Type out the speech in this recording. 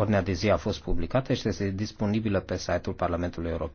Ordinea de zi a fost publicată și este disponibilă pe site-ul Parlamentului European.